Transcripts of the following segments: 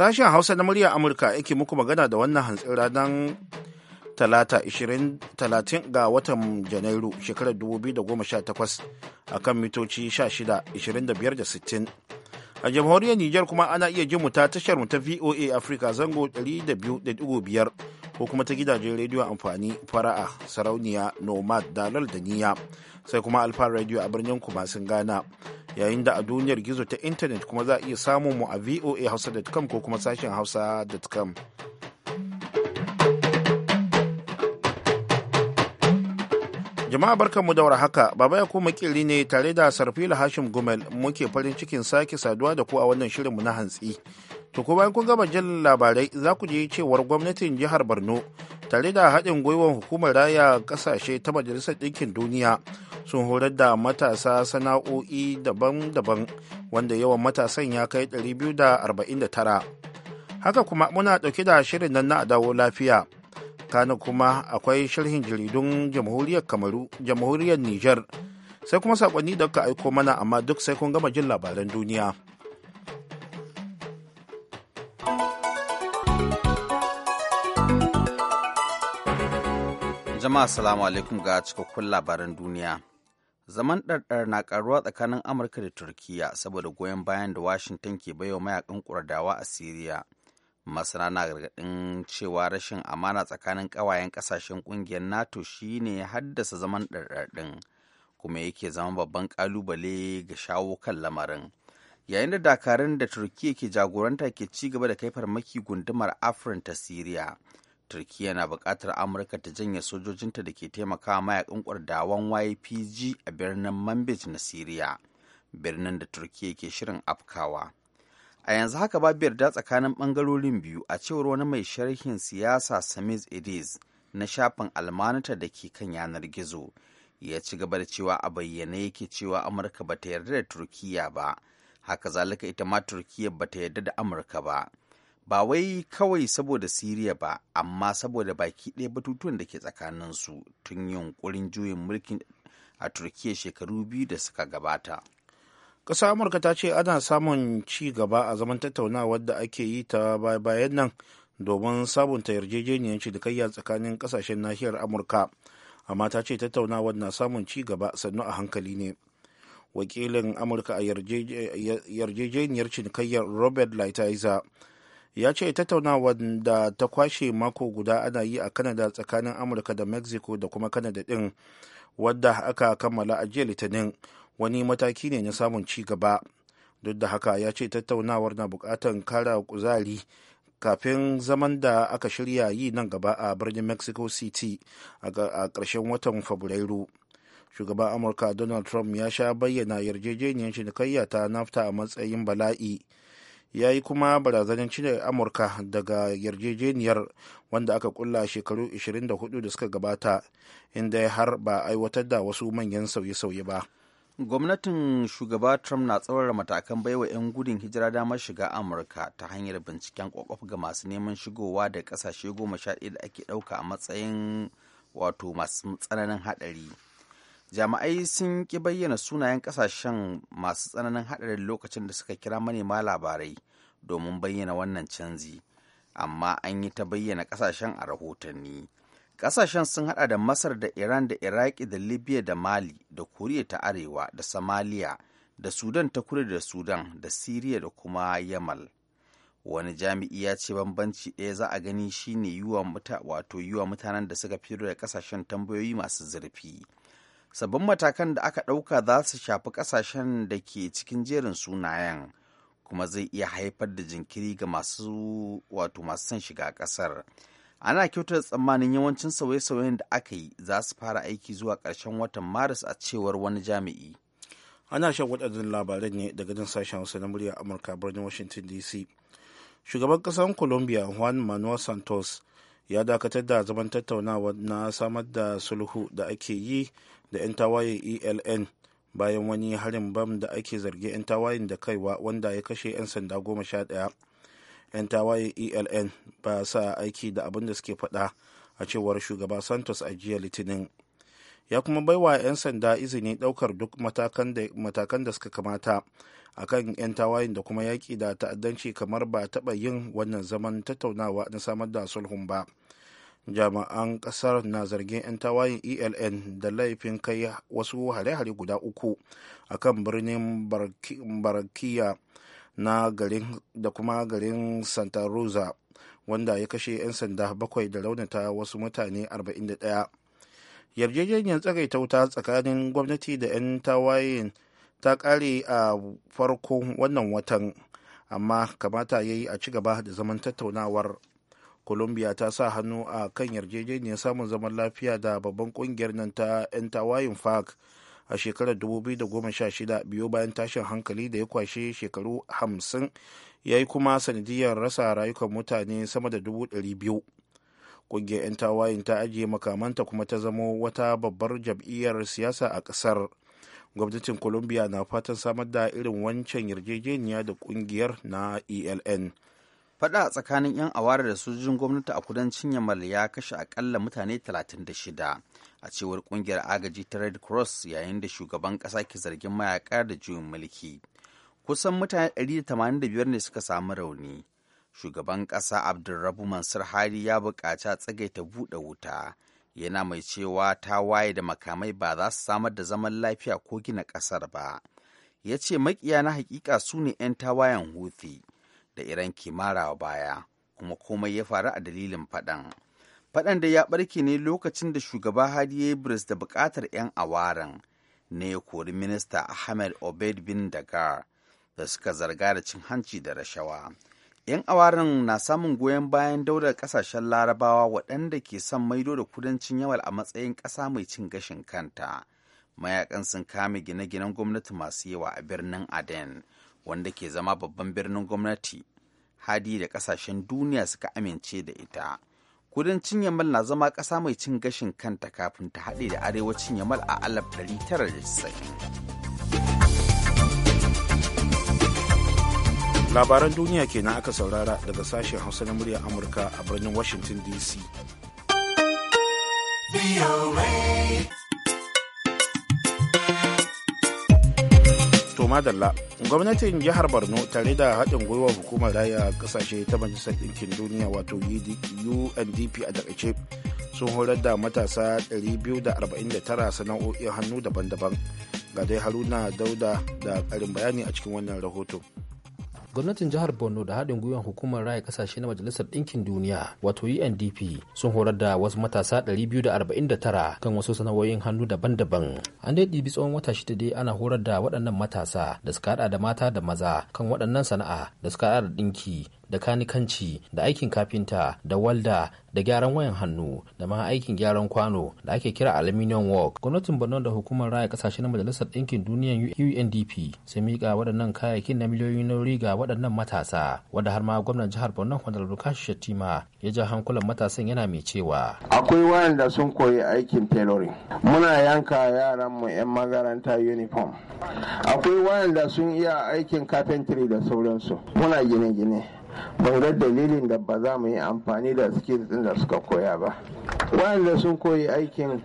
Sashen Hausa na murya Amurka yake muku magana da wannan hantsin ranar Talata 30 ga watan Janairu shekarar 2018 a kan mitoci 16, 25 60. A jamhuriyar Nijar kuma ana iya jin mu ta tashar mu ta VOA Africa zango 200.5 ko kuma ta gidajen rediyon amfani fara'a sarauniya nomad dalal da niya sai kuma alfa rediyo a birnin kuma sun gana. yayin da a duniyar gizo ta intanet kuma za a iya samun mu a voa hausa.com ko kuma sashen hausa.com jama'a barkan mu da haka baba ya kuma kiri ne tare da sarfila hashim gumel muke farin cikin sake saduwa da ku a wannan shirinmu na hantsi To ko bayan kun gama jin labarai za ku ji cewar gwamnatin jihar Borno tare da haɗin gwiwar hukumar raya ƙasashe ta Majalisar Ɗinkin Duniya sun horar da matasa sana'o'i daban-daban wanda yawan matasan ya kai 249. Haka kuma muna ɗauke da shirin nan na dawo lafiya. Kana kuma akwai sharhin jaridun jamhuriyar Kamaru, jamhuriyar Nijar. Sai kuma saƙonni da ka aiko mana amma duk sai kun gama jin labaran duniya. Jama'a salamu alaikum ga cikakkun labaran duniya. Zaman ɗarɗar na ƙaruwa tsakanin Amurka da Turkiyya saboda goyon bayan da Washington ke baiwa mayakan ƙuradawa a Siriya. Masana na gargaɗin cewa rashin amana tsakanin ƙawayen ƙasashen ƙungiyar NATO shine ya haddasa zaman ɗarɗar ɗin, kuma yake zama babban ƙalubale ga shawo kan lamarin. Yayin da dakarun da turkiya ke jagoranta ke ci gaba da kai farmaki gundumar Afirin ta Siriya. turkiya na buƙatar amurka ta janye sojojinta da ke taimaka mayakan kwardawan ypg a birnin manbij na siriya birnin da turkiya ke shirin afkawa a yanzu haka babu da tsakanin ɓangarorin biyu a cewar wani mai sharhin siyasa samiz ediz na shafin almanata da ke kan yanar gizo ya ci gaba da cewa a bayyane yake cewa amurka ba ta yarda da turkiyya ba haka zalika ita ma turkiyya ba ta yarda da amurka ba ba wai kawai saboda siriya ba amma saboda baki ɗaya batutuwan da ke tsakanin su tun yunkurin juyin mulkin a turkiya shekaru biyu da suka gabata ƙasa amurka ta ce ana samun ci gaba a zaman tattaunawar da ake yi ta bayan nan domin sabunta yarjejeniyar cinikayya tsakanin ƙasashen nahiyar amurka amma ta ce tattaunawar na samun ci gaba sannu a hankali ne wakilin amurka a yarjejeniyar cinikayyar robert lighthizer ya ce tattaunawa da ta kwashe mako guda ana yi a kanada tsakanin amurka da mexico da kuma kanada din wadda aka kammala a jiya litinin wani mataki ne na samun ci gaba duk da haka ya ce tattaunawar na bukatan kara kuzari kafin zaman da aka shirya yi nan gaba a birnin mexico city a karshen watan fabrairu shugaban amurka donald trump ya sha bayyana yarjejeniyar da ta nafta a matsayin bala'i ya yi kuma barazanin cire amurka daga yarjejeniyar wanda aka kulla shekaru 24 da suka gabata inda har ba aiwatar da wasu manyan sauye-sauye ba gwamnatin shugaba trump na tsawara matakan baiwa 'yan gudun hijira damar shiga amurka ta hanyar binciken kwakwaf ga masu neman shigowa da kasashe goma sha da ake ɗauka a matsayin wato masu tsananin haɗari jami'ai sun ki bayyana sunayen kasashen masu tsananin haɗarin lokacin da suka kira manema labarai domin bayyana wannan canji amma an yi ta bayyana kasashen a rahotanni kasashen sun hada da masar da iran da iraki da libya da mali da koriya ta arewa da somalia da sudan ta kudu da sudan da siriya da kuma yamal wani jami'i ya ce bambanci ɗaya za a gani shine wato yiwa mutanen da suka fito da kasashen tambayoyi masu zurfi sabbin matakan da aka ɗauka za su shafi ƙasashen da ke cikin jerin sunayen kuma zai iya haifar da jinkiri ga masu wato masu son shiga ƙasar ana kyautata tsammanin yawancin sauye-sauyen da aka yi za su fara aiki zuwa ƙarshen watan maris a cewar wani jami'i ana shan waɗannan labaran ne daga nan sashen hausa na murya amurka birnin washington dc shugaban ƙasar colombia juan manuel santos ya dakatar da zaman tattaunawa na samar da sulhu da ake yi da 'yan tawayen eln bayan wani harin bam da ake zargi 'yan tawayen da kaiwa wanda ya kashe 'yan sanda goma sha ɗaya 'yan tawayen eln ba sa aiki da abin da suke faɗa a cewar shugaba santos a jiya litinin ya kuma baiwa 'yan sanda izini ɗaukar duk matakan da suka kamata a kan 'yan tawayen da kuma yaƙi da ta'addanci kamar ba taɓa yin wannan zaman tattaunawa na samar da sulhun ba jami'an ƙasar na zargin 'yan tawayen eln da laifin kai wasu hare-hare guda uku a kan birnin barkiya na garin da kuma garin santa rosa wanda ya kashe 'yan sanda bakwai da raunata wasu mutane 41 yarjejeniyar tsagaita wuta tsakanin gwamnati da 'yan tawayen ta kare a farko wannan watan amma kamata ya yi a ci gaba da zaman tattaunawar colombia ta sa hannu a kan yarjejeniyar samun zaman lafiya da babban kungiyar nan ta 'yan tawayin fark a shekarar 2016 biyo bayan tashin hankali da ya kwashe shekaru 50 ya yi kuma sanadiyar rasa rayukan mutane sama da 200 kungiyar 'yan tawayin ta ajiye makamanta kuma ta zamo wata babbar jam'iyyar siyasa a ƙasar gwamnatin colombia na fatan samar da irin wancan yarjejeniya da ƙungiyar na eln faɗa tsakanin 'yan awara da sojojin gwamnati a kudancin yamal ya kashe akalla mutane 36 a cewar kungiyar agaji ta red cross yayin da shugaban ƙasa ke zargin mayaka da juyin mulki kusan mutane 185 ne suka samu rauni shugaban ƙasa abdulrabu mansur hari ya buƙaci a tsagaita buɗe wuta yana mai cewa ta waye da makamai ba za su samar da zaman lafiya ko gina ƙasar ba ya ce makiya na hakika su ne 'yan tawayen huthi da iran kimara baya kuma komai ya faru a dalilin faɗan faɗan da ya ɓarke ne lokacin da shugaba ya yi da buƙatar 'yan awaran ne ya kori minista ahmed obed bin dagar da suka zarga da cin hanci da rashawa 'yan awarin na samun goyon bayan daular kasashen larabawa waɗanda ke son maido da kudancin yamal a matsayin ƙasa mai cin gashin kanta mayakan sun kame gine-ginen gwamnati masu yawa a birnin aden wanda ke zama babban birnin gwamnati hadi da kasashen duniya suka amince da ita kudancin yamal na zama ƙasa mai cin gashin kanta kafin ta haɗe da arewacin yamal a 1990 labaran duniya kenan aka saurara daga sashen hausa na murya amurka a birnin washington dc madalla gwamnatin jihar borno tare da haɗin gwiwa hukumar raya ƙasashe ta majalisar ɗinkin duniya wato undp a takaice sun horar da matasa 249 sana'o'in hannu daban-daban ga dai haruna dauda da ƙarin bayani a cikin wannan rahoto gwamnatin jihar borno da haɗin gwiwar hukumar raya kasashe na majalisar ɗinkin duniya wato undp e sun horar da wasu matasa 249 kan wasu sana'o'in hannu daban-daban an dai ɗibi tsawon wata shida dai ana horar da waɗannan matasa da suka da mata da maza kan waɗannan sana'a da suka da ɗinki da kanikanci da aikin kafinta da walda da gyaran wayan hannu da ma aikin gyaran kwano da ake kira aluminium work gwamnatin borno da hukumar raya kasashe na majalisar ɗinkin duniyan undp sun miƙa waɗannan kayayyakin na miliyoyin nauri ga waɗannan matasa wanda har ma gwamnan jihar borno wanda lukashi shatima ya ja hankulan matasan yana mai cewa akwai wayanda sun koyi aikin tailoring muna yanka yaran mu yan makaranta uniform akwai wayanda sun iya aikin carpentry da sauransu muna gine-gine ban ga dalilin da ba za mu yi amfani da skills din da suka koya ba waɗanda sun koyi aikin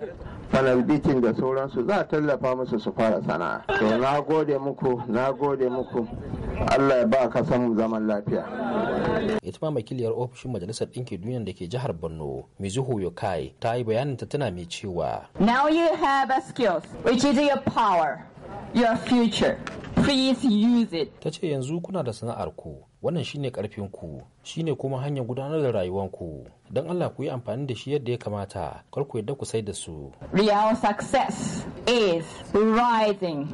fanalbitin da sauransu za a tallafa musu su fara sana'a to na gode muku na gode muku Allah ya ba ka samu zaman lafiya. Ita ma makiliyar ofishin Majalisar Ɗinkin Duniya da ke jihar Borno, Mizuho Yokai, ta yi bayanin ta tana mai cewa. Now you have a skills, which is your power, your future. Please use it. Ta ce yanzu kuna da sana'ar ku, wannan shine karfin ku shine kuma hanyar gudanar da rayuwar ku don Allah ku yi amfani da shi yadda ya kamata kar ku yadda ku sai da su real success is rising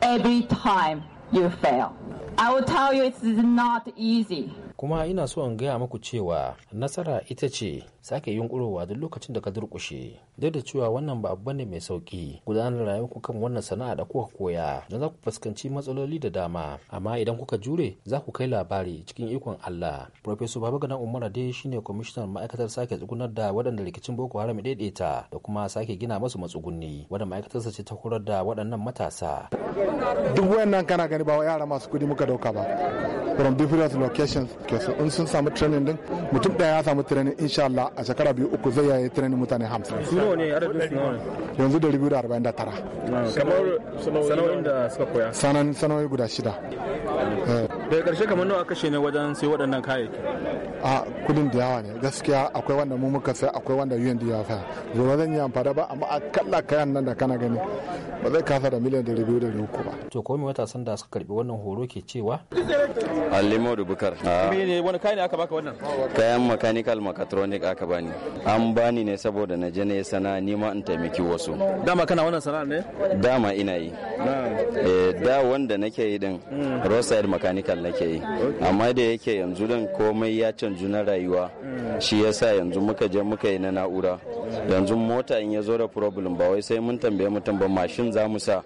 every time you fail i will tell you it is not easy kuma ina so in gaya muku cewa nasara ita ce sake yunkurowa duk lokacin da ka durkushe duk da cewa wannan ba abu ne mai sauki gudanar da rayuwarku kan wannan sana'a da kuka koya don za ku fuskanci matsaloli da dama amma idan kuka jure za ku kai labari cikin ikon Allah Professor Babagana Umar dai shine kwamishinan ma'aikatar sake tsugunar da waɗanda rikicin Boko Haram daidaita da kuma sake gina masu matsugunni wanda sa ce ta horar da waɗannan matasa duk wayannan kana gani ba yara masu kudi muka dauka ba from different locations ke in sun samu training din mutum daya ya samu training insha Allah a shekara biyu uku zai yayi training mutane 50 su nawa ne adadin su nawa ne yanzu 249 kamar sana'o'in da suka koya sanan sana'o'i guda shida eh. daga karshe kamar nawa kashe ne wajen sai waɗannan kayayyaki a kudin da yawa ne gaskiya akwai wanda mu muka sai akwai wanda UND ya zo ba zan yi amfani ba amma a kalla kayan nan da kana gani ba zai kasa da miliyan dari biyu da uku ba to komai me matasan da suka karbi wannan horo ke cewa Alimo da Bukar ah. ne wani kayan aka baka wannan kayan mechanical mechatronic aka bani an bani ne saboda na je ne sana ni ma in taimaki wasu dama kana wannan sana'a ne dama ina yi eh, da wanda nake yi din hmm. roadside mechanical hakan nake yi amma da yake yanzu dan komai ya canju na rayuwa shi yasa yanzu muka je muka yi na na'ura yanzu mota in ya zo da problem ba wai sai mun tambaye mutum ba mashin za mu sa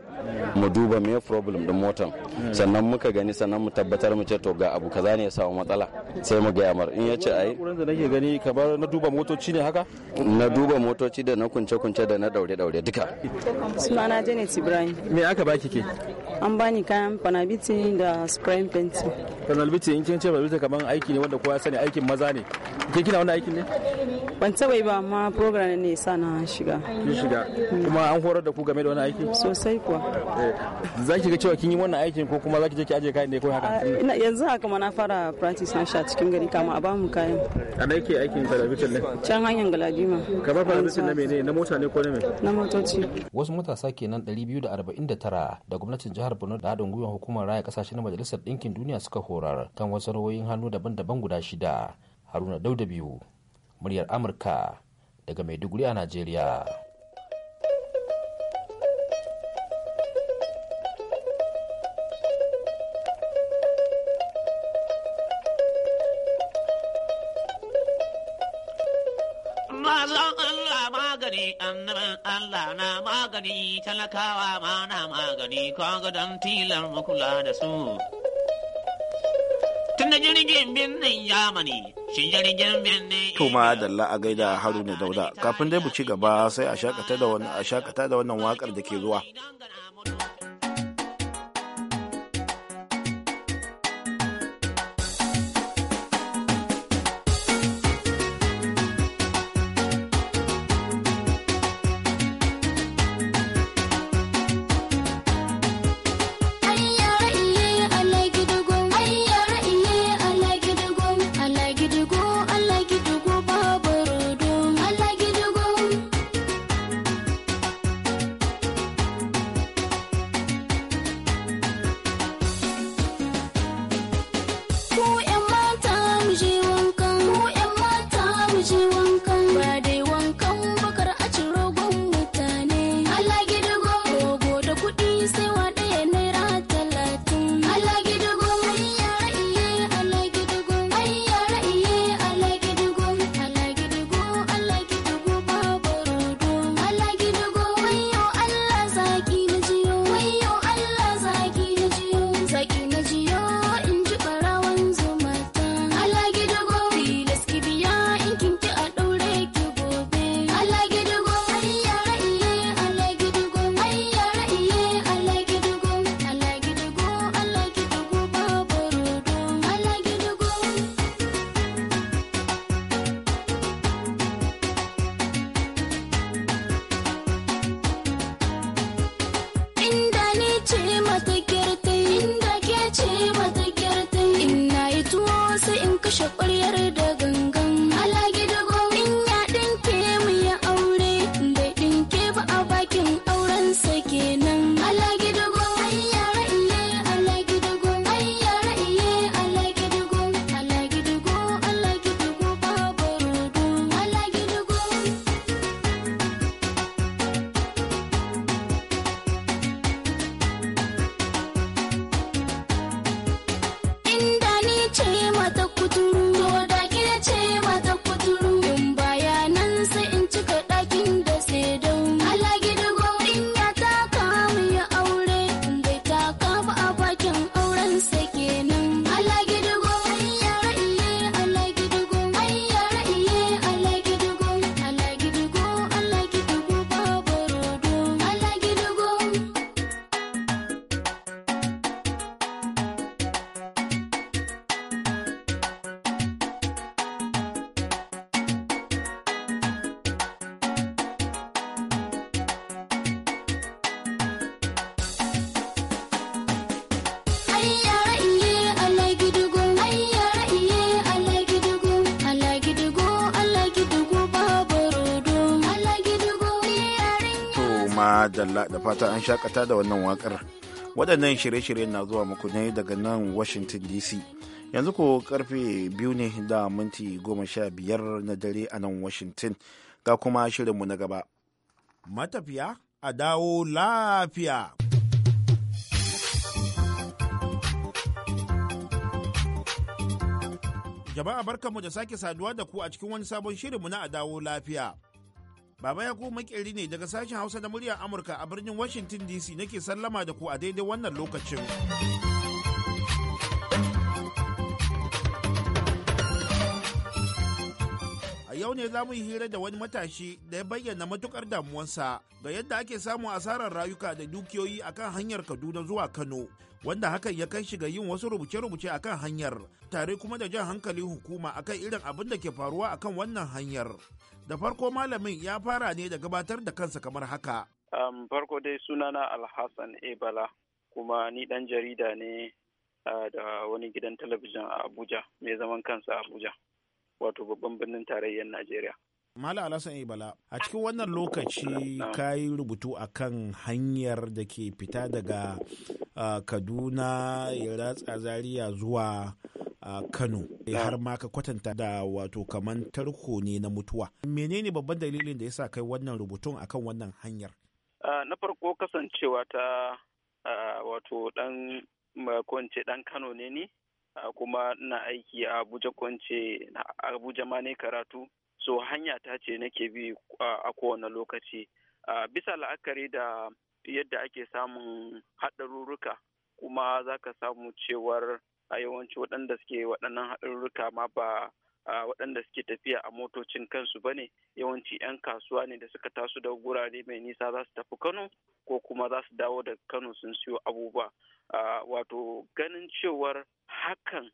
mu duba me problem din motan sannan muka gani sannan mu tabbatar mu ce to ga abu kaza ne ya samu matsala sai mu ga yamar in ya ce ai da nake gani kamar na duba motoci ne haka na duba motoci da na kunce kunce da na daure daure duka sunana Janet Ibrahim me aka baki ke an bani kayan panabiti da spray paint su kanal biti in kin ce ba kaman aiki ne wanda kowa sani aikin maza ne ke kina wannan aikin ne ban taba yi ba amma program ne sa na shiga kin shiga mm. kuma an horar da ku game da wannan aiki sosai kuwa eh, za ki ga cewa kin yi wannan aikin ko kuma za ki je ki aje kayan ne ko haka ah, yanzu haka ma na fara practice na sha cikin gari kama a bamu kayan a da yake aikin talabijin ne can hanyar galadima kamar talabijin na mene na mota ne ko na me na motoci wasu matasa kenan 249 da gwamnatin jihar Borno da haɗin gwiwar hukumar raya kasashe na majalisar ɗinkin duniya duniya suka horar kan wasu rawoyin hannu daban-daban guda shida haruna dauda biyu muryar amurka daga maiduguri a najeriya magani annabin Allah na magani talakawa ma na magani kwa gadon tilar makula da su. na jirgin birnin Yamani, shi jirgin birnin. To ma dalla a gaida Haruna Dauda, kafin dai mu ci gaba sai a shakata da wannan waƙar da ke zuwa. Dalla da fata an shakata da wannan wakar waɗannan shirye-shiryen na zuwa muku ne daga nan washington dc yanzu ko karfe biyu ne da minti goma sha biyar na dare a nan washington ga kuma shirinmu na gaba matafiya a dawo lafiya jama'a barkanmu da sake saduwa da ku a cikin wani sabon shirinmu na a dawo lafiya Baba ya makeri ne daga sashen Hausa da muryar Amurka a birnin Washington DC nake sallama da ku a daidai wannan lokacin. A yau ne za mu yi hira da wani matashi da ya bayyana matukar damuwarsa ga yadda ake samun asarar rayuka da dukiyoyi akan hanyar Kaduna zuwa Kano, wanda hakan ya kai shi ga yin wasu rubuce-rubuce a kan hanyar, tare kuma da jan hankalin hukuma akan irin abin da ke faruwa akan wannan hanyar. Da farko malamin ya fara ne da gabatar da kansa kamar haka. Um, farko dai sunana Alhassan Ebala kuma ni dan jarida ne uh, da wani gidan talabijin a Abuja mai zaman kansa a Abuja wato babban birnin tarayyar Najeriya. Malam Alhassan Ebala a cikin wannan lokaci ka yi rubutu a kan hanyar da ke fita daga uh, Kaduna ya ratsa Zaria zuwa a Kano eh, har ma ka kwatanta da wato kaman tarko ne na mutuwa. Menene babban dalilin da ya sa kai wannan rubutun akan wannan hanyar? Na farko kasancewa ta wato dan kwance dan Kano ne ni kuma na aiki a Abuja kwance Abuja ma ne karatu so hanya ta ce nake bi a kowane lokaci bisa la'akari da yadda ake samun haɗarurruka kuma za ka samu cewar a yawanci waɗanda suke waɗannan haɗarurruka ma ba waɗanda suke tafiya a motocin kansu ba ne yawanci 'yan kasuwa ne da suka taso da gurare mai nisa za su tafi kano ko kuma za su dawo da kano sun siyo abubuwa wato ganin cewar hakan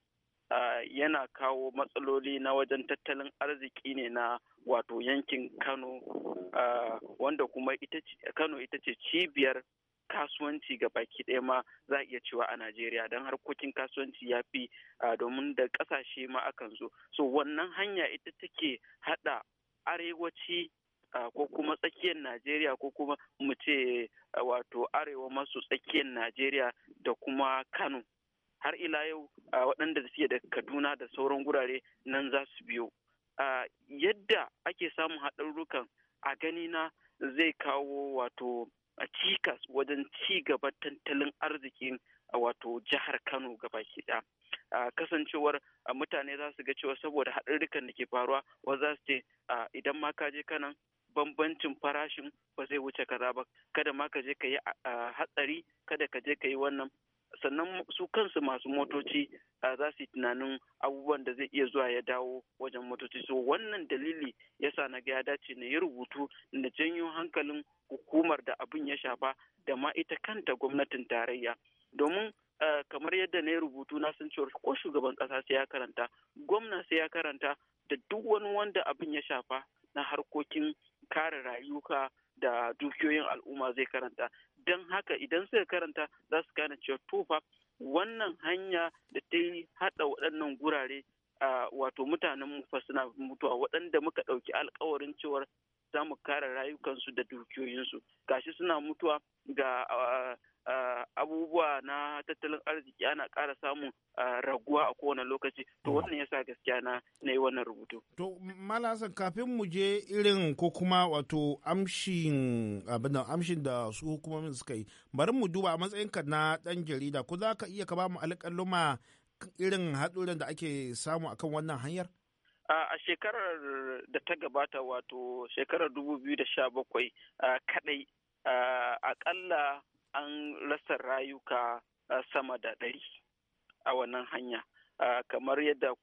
yana kawo matsaloli na wajen tattalin arziki ne na wato yankin kano wanda kuma kano ita ce cibiyar kasuwanci ga baki ɗaya ma za a iya cewa a Najeriya don harkokin kasuwanci ya fi domin da ƙasashe ma akan zo. So wannan hanya ita take haɗa arewaci ko kuma tsakiyar Najeriya ko kuma mu ce wato arewa masu tsakiyar Najeriya da kuma Kano. Har ila yau waɗanda suke da Kaduna da sauran gurare nan za su biyo. Yadda ake samun haɗarurrukan a gani na zai kawo wato a cikas wajen ci gaban tattalin arzikin a wato jihar Kano gabaki ɗaya. a kasancewar mutane za su ga cewa saboda haɗarurrukan da ke faruwa wa za su ce idan ma ka je kanan bambancin farashin ba zai wuce kaza ba kada ma ka je ka yi hatsari kada ka je ka yi wannan sannan su kansu masu motoci za su yi tunanin abubuwan da zai iya zuwa ya dawo wajen motoci so wannan dalili sa na ga ya dace na yi rubutu na janyo hankalin hukumar da abin ya shafa da ma ita kanta gwamnatin tarayya domin kamar yadda na yi rubutu na san cewa ko shugaban ƙasa sai ya karanta gwamna sai ya karanta da duk wani wanda abin ya shafa na harkokin kare rayuka da dukiyoyin al'umma zai karanta don haka idan suka karanta za su gane cewa tofa wannan hanya da ta yi haɗa waɗannan gurare a wato mutanen mu fa suna mutuwa waɗanda muka ɗauki alkawarin cewar za mu kare rayukansu da dukiyoyinsu gashi suna mutuwa ga abubuwa na tattalin arziki ana kara samun raguwa a kowane lokaci to wannan yasa gaskiya na na yi wannan rubutu. To malasan kafin mu je irin ko kuma wato amshin abin da amshin da su hukumomin suka yi bari mu duba a matsayinka na ɗan jarida ko za ka iya ka ba mu alƙaluma irin haɗuran da ake samu akan wannan hanyar? a shekarar da ta gabata wato shekarar 2017 kadai akalla an rasa rayuka sama da ɗari a wannan hanya kamar yadda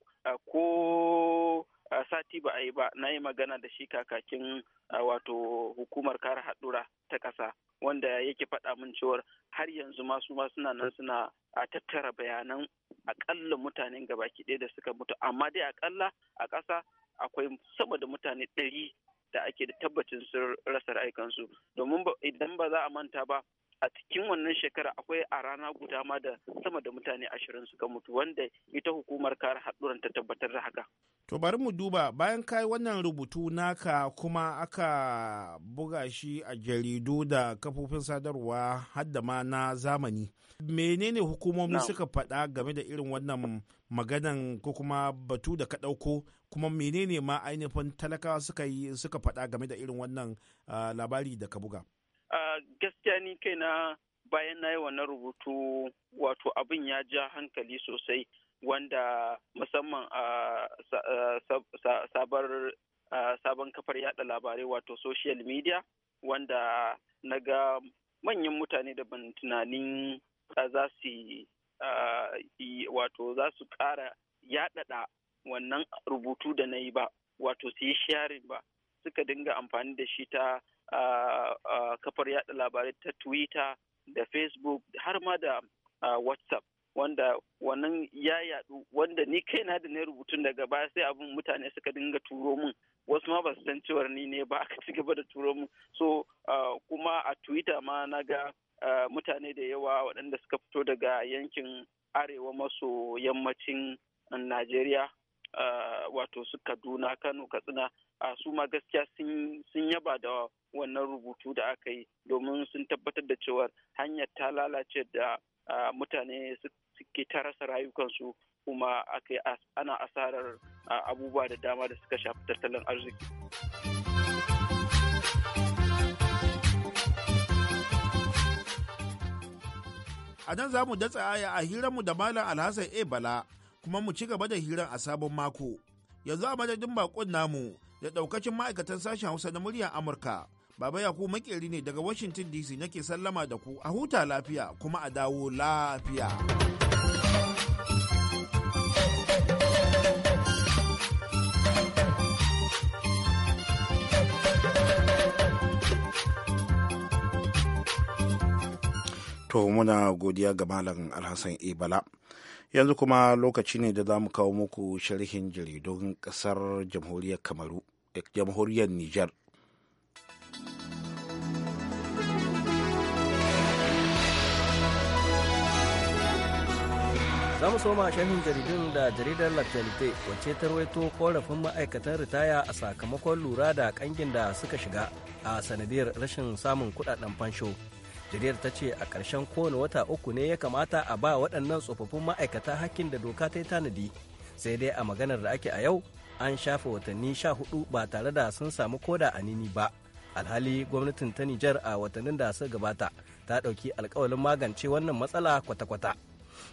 ko sati ba a yi ba na yi magana da shi kakakin wato hukumar kare haɗura ta ƙasa wanda yake faɗa min cewar har yanzu masu ma suna nan suna a tattara bayanan aƙalla mutanen gabaki ɗaya da suka mutu amma dai akalla a ƙasa akwai sama da mutane ɗari da ake da tabbacin sun rasa rayukansu domin idan ba za a manta ba a cikin wannan shekara akwai a rana guda ma da sama da mutane ashirin suka mutu wanda ita hukumar kare haɗuran ta tabbatar da haka. To bari mu duba bayan kai wannan rubutu naka kuma aka buga shi a jaridu da kafofin sadarwa hadda ma na zamani. Menene hukumomi suka faɗa game da irin wannan maganan ko kuma batu da ka ɗauko kuma menene ma ainihin talakawa suka yi suka faɗa game da irin wannan ah, labari da ka buga? gaskiya ni kaina bayan na yi wannan rubutu wato abin ya ja hankali sosai wanda musamman a sabar sabon kafar yada labarai wato social media wanda na ga manyan mutane da ban tunanin za su wato za su ƙara yaɗaɗa wannan rubutu da na yi ba wato su yi sharing ba suka dinga amfani da shi ta kafar yada labarai ta twitter da facebook har ma da whatsapp wanda wannan ya yadu wanda ni kaina da na rubutun daga baya sai abin mutane suka dinga turo mun wasu ma ba su san cewar ni ne ba aka ci gaba da turo mun so kuma a twitter ma na ga mutane da yawa waɗanda suka fito daga yankin arewa maso yammacin najeriya wato su kaduna kano katsina a su ma gaskiya sun yaba da wannan rubutu da aka yi domin sun tabbatar da cewar hanyar ta lalace da mutane suke ta rasa rayukansu kuma ana asarar abubuwa da dama da suka shafi tattalin arziki. A nan za mu datsa aya a mu da Malam Alhassan E. Bala kuma mu ci gaba da hiran a sabon mako. Yanzu a madadin bakon namu da ɗaukacin ma'aikatan sashen Hausa na muryar Amurka. Baba Yaku makeri ne daga Washington DC nake sallama da ku a huta lafiya kuma a dawo lafiya. To muna godiya ga Malam Alhassan Ibala. Yanzu kuma lokaci ne da za mu kawo muku sharhin jaridun kasar Jamhuriyar Kamaru. jamhuriyar Nijar. za mu soma sharhin jaridun da jaridar lactalite wacce ta rawaito korafin ma'aikatan ritaya a sakamakon lura da kangin da suka shiga a sanadiyar rashin samun kudaden fansho jaridar ta ce a ƙarshen kowane wata uku ne ya kamata a ba waɗannan tsofaffin ma'aikata hakkin da doka ta yi tanadi sai dai a maganar da ake a yau an shafa watanni sha hudu ba tare da sun samu koda a nini ba alhali gwamnatin ta nijar a watannin da su gabata ta ɗauki alkawalin magance wannan matsala kwata-kwata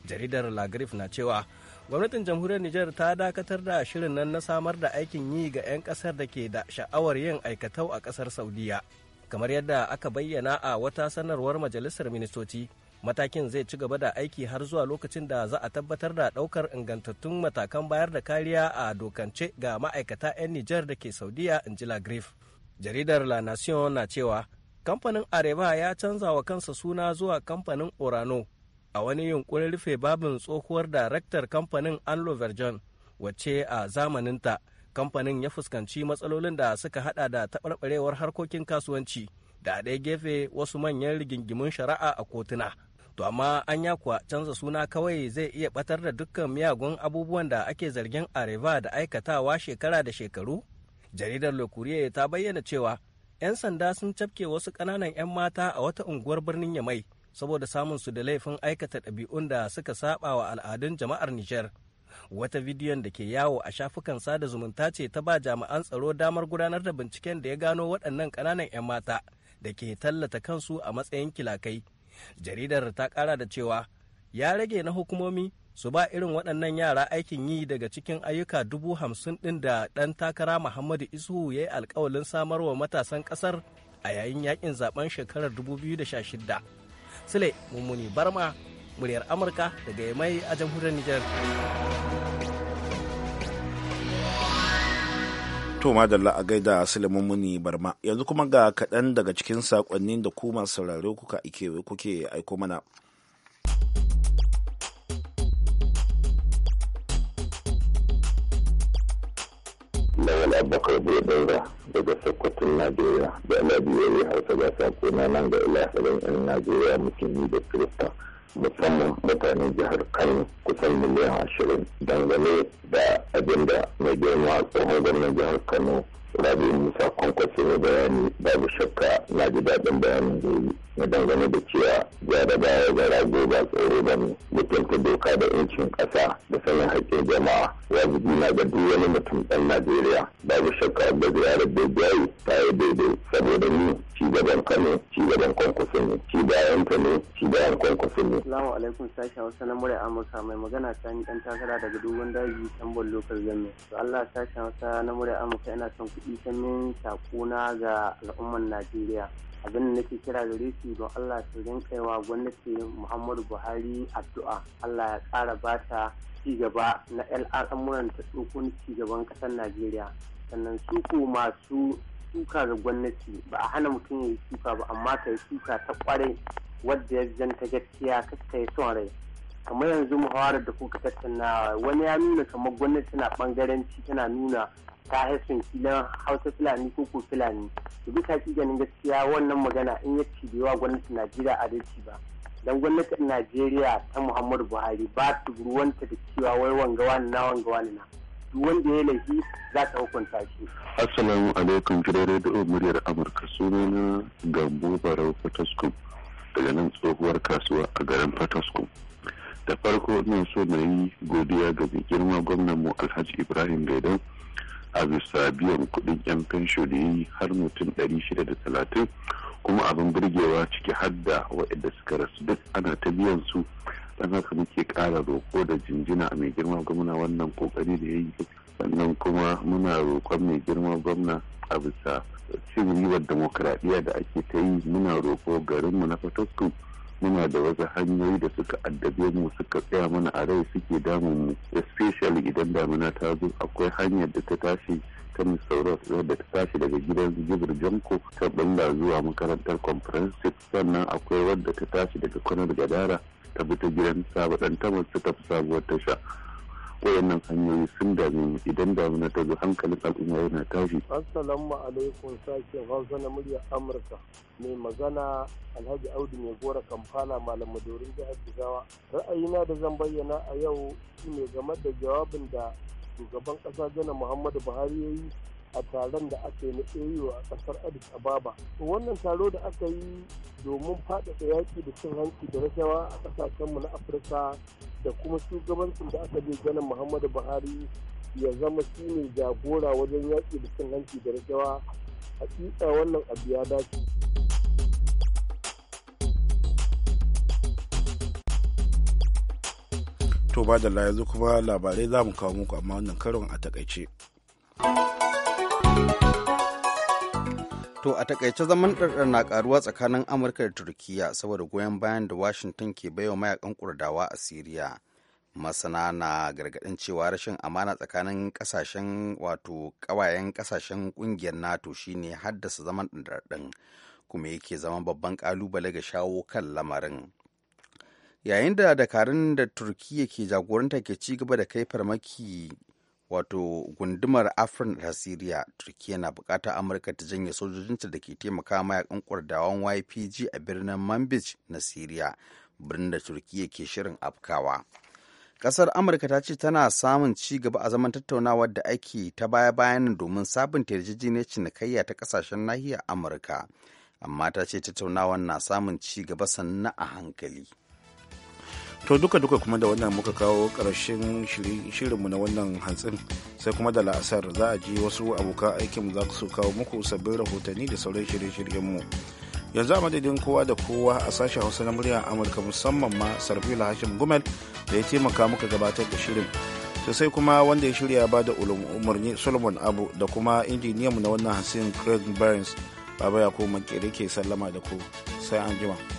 jaridar lagrif na cewa gwamnatin jamhuriyar nijar ta dakatar da shirin nan na samar da aikin yi ga 'yan kasar da ke da sha'awar yin aikatau a kasar saudiya kamar yadda aka bayyana a wata sanarwar majalisar ministoci matakin zai ci gaba da aiki har zuwa lokacin da za a tabbatar da daukar ingantattun matakan bayar da kariya a dokance ga ma'aikata 'yan nijar da ke saudiya in ji lagrif jaridar la nation na cewa kamfanin areva ya canza wa kansa suna zuwa kamfanin orano a wani yunkurin rufe babin tsohuwar daraktar kamfanin anlo virgin wacce a zamaninta kamfanin ya fuskanci matsalolin da suka hada da taɓarɓarewar harkokin kasuwanci da a ɗaya gefe wasu manyan rigingimun shari'a a kotuna. To amma an ya kuwa canza suna kawai zai iya batar da dukkan miyagun abubuwan da ake zargin Areva da aikatawa shekara da shekaru? Jaridar Le ta bayyana cewa 'yan sanda sun cafke wasu ƙananan 'yan mata a wata unguwar birnin Yamai saboda samun su da laifin aikata ɗabi'un da suka saba wa al'adun jama'ar Nijar. Wata bidiyon da ke yawo a shafukan sada zumunta ce ta ba jami'an tsaro damar gudanar da binciken da ya gano waɗannan ƙananan 'yan mata da ke tallata kansu a matsayin kilakai. jaridar ta kara da cewa ya rage na hukumomi su ba irin waɗannan yara aikin yi daga cikin ayyuka dubu hamsin ɗin da ɗan takara muhammadu isuhu ya yi alkawalin samarwa matasan ƙasar a yayin yakin zaben shekarar 2016 sule mummuni barma muryar amurka daga yamai a jamhuriyar nijar To madalla a gaida Suleiman Muni Barma. Yanzu kuma ga kaɗan daga cikin saƙonnin da ku masu saurare kuka ike kuke aiko mana. Lawal Abubakar bai daura daga Sokoton Najeriya da Alabiyar Yari Hausa ba sako na nan ga ilaha yan Najeriya ne da Kirista. musamman mutanen jihar kano kusan miliyan ashirin dangane da abin da mai girma tsohon gwamnan jihar kano rabi musa kwankwaso na bayani babu shakka na ji daɗin bayanin da yi na dangane da cewa jarabawa ga rago ba tsoro ba ne mutunta doka da yancin ƙasa da sanin haƙƙin jama'a wajibi na ga duk wani mutum ɗan najeriya babu shakka da ziyarar da jayi ta yi daidai saboda ni ci gaban kano ci gaban kwankwaso ne ci bayan ta ne ci bayan kwankwaso ne. salamu alaikum sashi hausa na murya amurka mai magana ta ni ɗan takara daga dogon daji tambon lokal gami to allah sashi hausa na murya amurka yana son isannin sakona ga al'ummar najeriya abinda da nake kira gare su don allah su rinkaiwa gwamnati muhammadu buhari addu'a allah ya kara ba ta cigaba na al'amuran ta tsokon cigaban ƙasar najeriya sannan su masu suka ga gwamnati ba a hana mutum ya yi suka ba amma ka yi suka ta kwarai wadda ya janta gaskiya kaska ya son rai kamar yanzu muhawarar da kuka tattauna wani ya nuna kamar gwamnati tana bangaranci tana nuna ta haifin kilan hausa fulani ko ko fulani da duk ganin gaskiya wannan magana in ya ci yawa gwamnatin najeriya adalci ba dan gwamnatin najeriya ta muhammadu buhari ba su ruwanta da cewa wai wanga wani na wanga wani na duk wanda ya laifi za ta hukunta shi assalamu alaikum gidan da muryar amurka sunana gambo barau fataskum daga nan tsohuwar kasuwa a garin fataskum da farko ina so na yi godiya ga mai girma gwamnan mu alhaji ibrahim gaidan a bisa biyan kudin yan fensho da yi har mutum talatin, kuma abin birgewa ciki har da waɗanda suka rasu duk ana ta biyan su don haka muke ƙara roƙo da jinjina a mai girma gwamna wannan kokari da ya yi sannan kuma muna roƙon mai girma gwamna a bisa cin riwar da ake ta yi muna roƙo garinmu na fataskun muna da wasu hanyoyi da suka addabe mu suka tsaya mana a rai suke damun mu especially idan damina ta zo akwai hanyar da ta tashi ta misauros wadda ta tashi daga gidan jibir janko ta balla zuwa makarantar comprehensive sannan akwai wadda ta tashi daga kwanar gadara ta bi ta gidan saba tamar ta tafi sabuwar tasha wayannan hanyoyi sun dame idan damuna ta zo hankalin al'umma yana tashi. Assalamu alaikum sashen Hausa na murya Amurka mai magana Alhaji Audu mai gora Kampala Malam Madorin jihar Jigawa. Ra'ayina da zan bayyana a yau shine game da jawabin da shugaban ƙasa Jana Muhammadu Buhari ya yi a taron da aka yi na AU a kasar Addis Ababa. Wannan taro da aka yi domin faɗaɗa yaƙi da cin hanci da rashawa a ƙasashenmu na Afirka da kuma shugabancin da aka je ganin Muhammadu Buhari ya zama shi ne jagora wajen yaƙi da cin hanci da rashawa. Hakika wannan abu ya dace. to ba da yanzu kuma labarai za mu kawo muku amma wannan karon a takaice. To a takaice zaman ɗarɗar na ƙaruwa tsakanin Amurka da Turkiyya saboda goyon bayan da Washington ke baiwa mayakan Kurdawa a Siriya. Masana na gargaɗin cewa rashin amana tsakanin ƙasashen wato ƙawayen ƙasashen ƙungiyar NATO shine haddasa zaman ɗarɗar kuma yake zama babban ƙalubale ga shawo kan lamarin. Yayin da dakarun da Turkiyya ke jagoranta ke ci gaba da kai farmaki wato gundumar afirin ta siriya turkiya na bukatar amurka ta janye sojojinta da ke taimaka mayakan kwardawan ypg a birnin manbij na siriya birnin da turkiya ke shirin afkawa kasar amurka ta ce tana samun ci gaba a zaman tattaunawar da ake ta baya-bayan domin sabunta yarjejeniyar cinikayya ta kasashen nahiyar amurka amma ta ce tattaunawa na samun ci gaba sannan a hankali to duka-duka kuma da wannan muka kawo ƙarshen shirinmu na wannan hantsin sai kuma da la'asar za a ji wasu abokan aikin za su kawo muku sabbin rahotanni da sauran shirye-shiryenmu yanzu a madadin kowa da kowa a sashen hausa na muryar amurka musamman ma sarfila hashim gumel da ya taimaka muka gabatar da shirin to sai kuma wanda ya shirya ba da umarni solomon abu da kuma injiniyanmu na wannan hantsin craig burns baba ya ko makere ke sallama da ku sai an jima.